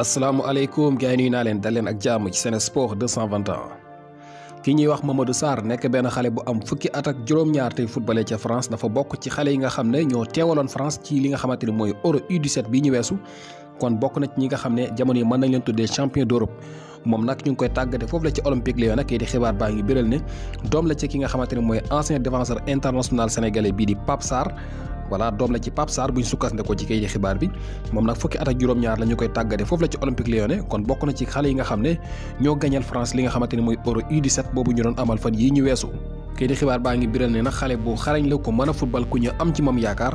asalaamualeykum gars yi nuyu naa leen dal leen ak jàmm ci Sen Sport 221 ki ñuy wax Mamadou Sarr nekk benn xale bu am fukki at ak juróom-ñaar tey footballé ca France dafa bokk ci xale yi nga xam ne ñoo teewaloon France ci li nga xamante ne mooy Euro U17 bii ñu weesu kon bokk na ci ñi nga xam ne jamono yi mën nañ leen tuddee champion d'Europe moom nag ñu ngi koy tàggate foofu la ci Olympique Lyon nag yi di xibaar baa ngi biral ne doom la ci ki nga xamante ne mooy ancien défenseur international sénégalais bii di Pape Sarr voilà doom la ci Pape Sarr buñ sukkandikoo ci kayiti xibaar bi moom nag fukki at juróom-ñaar la ñu koy tàggate foofu la ci Olympique Lyonnais kon bokk na ci xale yi nga xam ne ñoo gañal France li nga xamante ni mooy Euro U17 boobu ñu doon amal fan yii ñu weesu kayiti xibaar baa ngi biral ne nag xale bu xarañ la ko mën a football ku ñu am ci moom yaakaar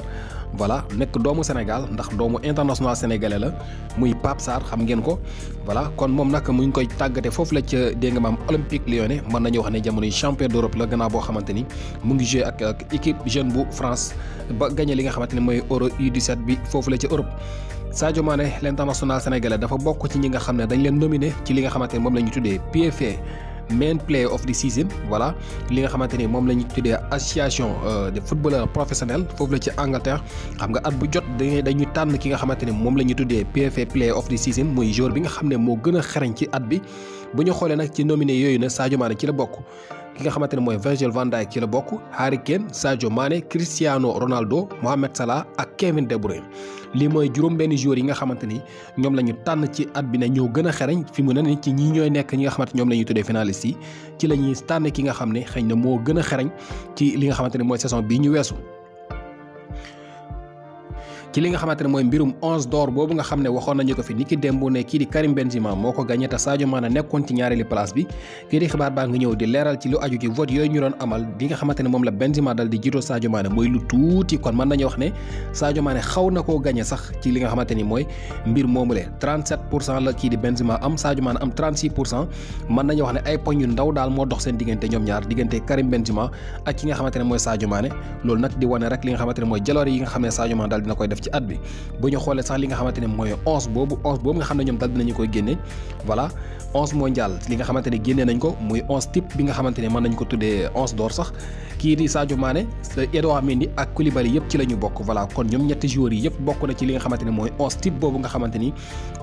voilà nekk doomu Sénégal ndax doomu international sénégalais la muy Pape Sarr xam ngeen ko voilà kon moom nag mu ngi koy tàggate foofu la ca dégg nga maam Olympique Lyonnais mën nañu wax ne jamono yi champion d'Europe la gannaaw boo xamante ni mu ngi joué ak ak équipe jeune bu France ba gagné li nga xamante ni mooy Euro U17 bi foofu la ca Europe. Sadio Mané l'international sénégalais dafa bokk ci ñi nga xam ne dañ leen nominé ci li nga xamante ni moom la ñu tuddee PFA. main player of the season voilà li nga xamante ni moom la ñu tuddee association euh, de footballeurs professionnels foofu la ci Angleterre xam nga at bu jot dañuy dañuy tànn ki nga xamante ni moom la ñu tuddee PFA player of the season muy joueur bi nga xam ne moo gën a xarañ ci at bi bu ñu xoolee nag ci nominé yooyu na Sadio Mané ci la bokk. ki nga xamante ne mooy Virgil van Dijk ci la bokk Harry Kane Sadio Mané Cristiano Ronaldo Mohamed Salah ak Kevin De Bruyne lii mooy juróom benn joueurs yi nga xamante ni ñoom lañu tànn ci at bi ne ñoo gën a xereñ fi mu ne ni ci ñi ñooy nekk ñi nga xamante ñoom la ñuy tuddee finalistes yi ci la ñuy tànn ki nga xam ne xëy na moo gën a xereñ ci li nga xamante ne mooy saison bii ñu weesu ci li nga xamante ne mooy mbirum onze d'or boobu nga xam ne waxoon nañu ko fi niki démb ne kii di Karim Benzema moo ko gagné te Sadio nekkoon ci ñaareelu place bi kii xibaar baa nga ñëw di leeral ci lu aju ci vote yooyu ñu doon amal li nga xamante moom la Benzema dal di jiitoo Sadio Mané mooy lu tuuti kon mën nañu wax ne Sadio xaw na koo gagné sax ci li nga xamante ni mooy mbir moomulee 37 pour cent la kii di Benzema am Sadio am mën nañu wax ne ay poñ yu ndaw daal moo dox seen diggante ñoom ñaar diggante Karim Benzema ak ki nga xamante ne mooy Sadio Mané loolu nag di wane rek li nga xamante ne koy def ci at bi bu ñu xoolee sax li nga xamante ne mooy onze boobu onze boobu nga xam ne ñoom dal dinañu koy génne voilà onze mondial li nga xamante ne génne nañ ko muy onze type bi nga xamante ne mën nañ ko tuddee onze d'or sax kii di Sadio Mané Edouard Mendy ak Koulibaly yëpp ci la ñu bokk voilà kon ñoom ñetti joueurs yëpp bokk na ci li nga xamante ne mooy onze type boobu nga xamante ni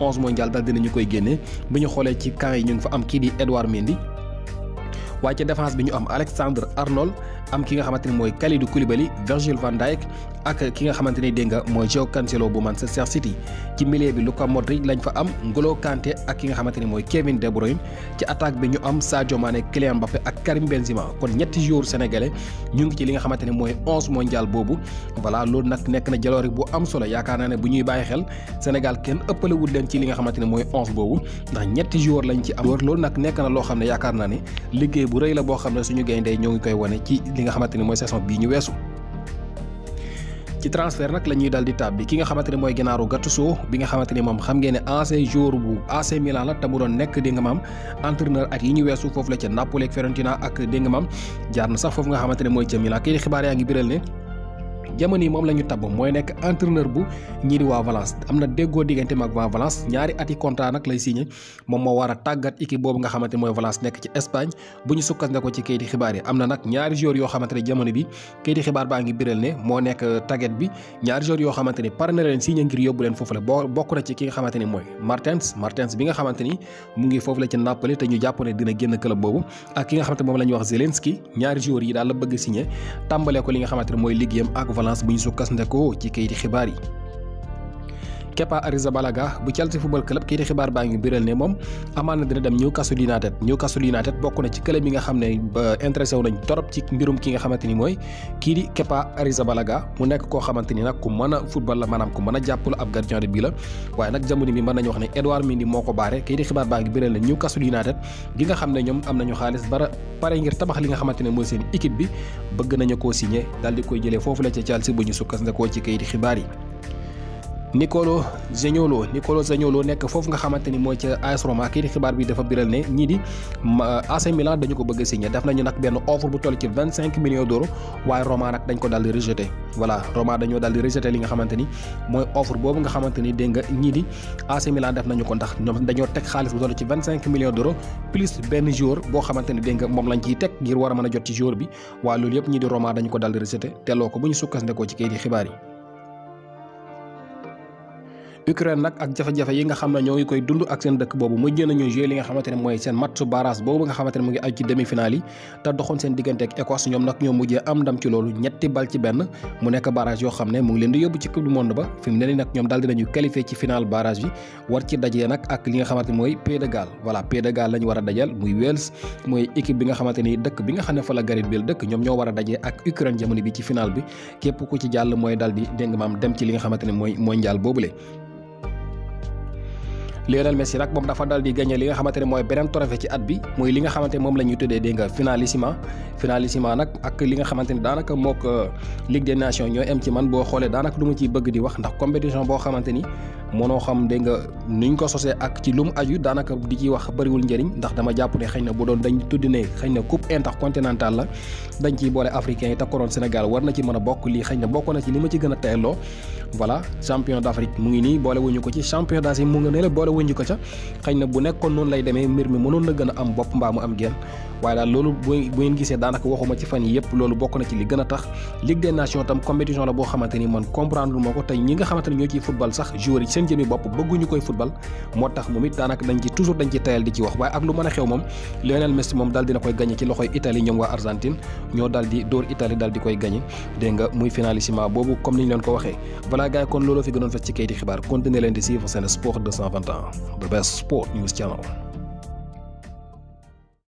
onze mondial dal dinañu koy génne bu ñu xoolee ci camp yi ñu ngi fa am kii di Edouard Mendy waaye ci défense bi ñu am Alexandre Arnold am ki nga xamante ni mooy Kalidou Koulibaly Virgil van Dijk ak ki nga xamante ni dégg nga mooy Joao Cancelo bu Manchester City ci milieu bi Luka Modric lañ fa am N'Golo Kanté ak ki nga xamante ni mooy Kevin De Bruyne ci attaque bi ñu am Sadio Mané Kylian Mbappé ak Karim Benzema kon ñetti joueurs sénégalais ñu ngi ci li nga xamante ni mooy onze mondial boobu voilà loolu nag nekk na jaloori bu am solo yaakaar naa ne bu ñuy bàyyi xel Sénégal kenn ëppalewul leen ci li nga xamante ni mooy onze boobu ndax ñetti joueurs lañ loolu nag nekk na loo xam ne yaakaar naa ne liggéey bu rëy la boo xam ne suñu ñoo ngi koy wane li nga xamante ni mooy saison bii ñu weesu. ci transfert nag la ñuy dal di tàbbi ki nga xamante ne mooy Gennaro Gattuso bi nga xamante ne moom xam ngeen ne ancien joueur bu AC Milan la te mu doon nekk dégg nga maam entraîneur at yi ñu weesu foofu la ca Napoli ak Fiorentina ak dégg nga maam jaar na sax foofu nga xamante mooy ca Milan kii xibaar yaa ngi biral ne. jamono yi moom la ñu tabb mooy nekk entraîneur bu ñii di waa Valence am na déggoo diggante mag waa Valence ñaari ati contrat nag lay signé moom moo war a tàggat équipe boobu nga xamante mooy Valence nekk ci Espagne bu ñu sukkandikoo ci kayiti xibaar yi am na nag ñaari joueurs yoo xamante ne jamono bi kayiti xibaar baa ngi biral ne moo nekk tàggat bi ñaari joueurs yoo xamante ne pare na leen signé ngir yóbbu leen foofu la boo bokk na ci ki nga xamante mooy Martens ngi foofu la ñu jàpp ne dina génn club boobu ak ki moom la ñuy wax Zelenski ñaari joueurs yi daal la bëgg signé valence bu ñu sukkandekoo ci kayiti xibaar yi. Kepa Arrizabalaga bu Chelsea football club kii di xibaar baa ngi biral ne moom amaan na dina dem Newcastle United Newcastle United bokk na ci club nga xam ne intéressé wu nañ torop ci ki nga xamante ni mooy kii di Kepa Arrizabalaga mu nekk koo xamante ni nag ku mën a football la maanaam ku a jàpp la ab gardien de but la waaye nag jamono bi mën nañu wax ne Edouard Mendy moo ko baare kii di xibaar baa ngi biral ne Newcastle United gi nga xam ne ñoom am nañu xaalis bara pare ngir tabax li nga xamante ne mooy seen équipe bi bëgg nañu koo signé daal di koy jëlee foofu la ca Chelsea bu ñu sukkandikoo ci kayiti xibaar yi Nicolo Zaniolo Nicolo Zaniolo nekk foofu nga xamante ni mooy ca AS Roma kii di xibaar bi dafa biral ne ñii di AC Milan dañu ko bëgg a signé def nañu nag benn offre bu toll ci vingt cinq millions d'euros waaye Roma nag dañ ko daal di rejeté voilà dañoo daal di li nga xamante ni mooy offre boobu nga xamante ni dégg nga ñii di AC Milan def nañu ko ndax ñoom dañoo teg xaalis bu toll ci vingt cinq millions d'euros plus benn joueur boo xamante ni dégg nga moom lañ ciy teg ngir a mën a jot ci joueur bi waaye loolu yëpp ñii di Roma dañu ko daal di rejeté te loo yi Ukraine nag ak jafe-jafe yi nga xam ne ñoo ngi koy dund ak seen dëkk boobu mujj nañu joué li nga xamante ne mooy seen match barrage boobu nga xamante ne mu ngi aju ci demi-finale yi te doxoon seen diggante ak Écosse ñoom nag am ne mu ngi leen di yóbbu ci coupe du monde ba fi mu ne nii nag ñoom daal dinañu nga xamante mooy Pays de Galles voilà Pays de Galles lañu war a dajal muy Wales mooy équipe bi nga xamante ni dëkk bi nga xam ne fa la Gareth Bale dëkk ñoom ñoo war a dajee ak Ukraine jamono bi ci final bi képp ku ci jàll mooy daal di déng am dem ci li nga xamante ne mooy mondial boobule Lionel Messi nag moom dafa dal di gagné li nga xamante ne mooy beneen trophée ci at bi muy li nga xamante ne moom la ñuy tuddee dégg nga finalissima nag ak li nga xamante ne daanaka mook euh, Ligue des Nations ñoo em ci man boo xoolee daanaka du ma bëgg di wax ndax compétition boo xamante ni Monokam xam dégg nga nuñ ko sosee ak ci lum aju danaka di ci wax bëriwul njëriñ ndax dama jàpp ne xëy na bu doon dañ tudd ne xëy na coupe intercontinentale la dañ ciy boole africain yi te Sénégal war na ci mën na ci ci voilà champion d'Afrique mu ngi nii boole wuñu ko ci champion d'Asie mu boleh ne la boole wuñu ko ca xëy na bu nekkoon noonu lay demee mbir mi mënoon na gën a am bopp mbaa mu am genn waaye daal loolu bu ngeen gisee daanaka waxuma ci fan na ci li gën tax Ligue des Nations tam compétition la boo xamante man comprendre ma ko tey ñi nga ñoo football sax joueur seen jëmi bopp bëgguñu koy football moo tax moom it daanaka dañ ci toujours dañ ci tayal di ci wax waaye ak lu mën a xew moom Lionel Messi moom daal dina koy gagné ci loxoy Italie ñoom waa Argentine ñoo daal di dóor Italie daal di koy gagné dégg muy finalissima boobu comme ni leen ko waxee voilà gars kon looloo fi gënoon fes ci kayiti xibaar continuer leen di suivre seen sport 221 the best sport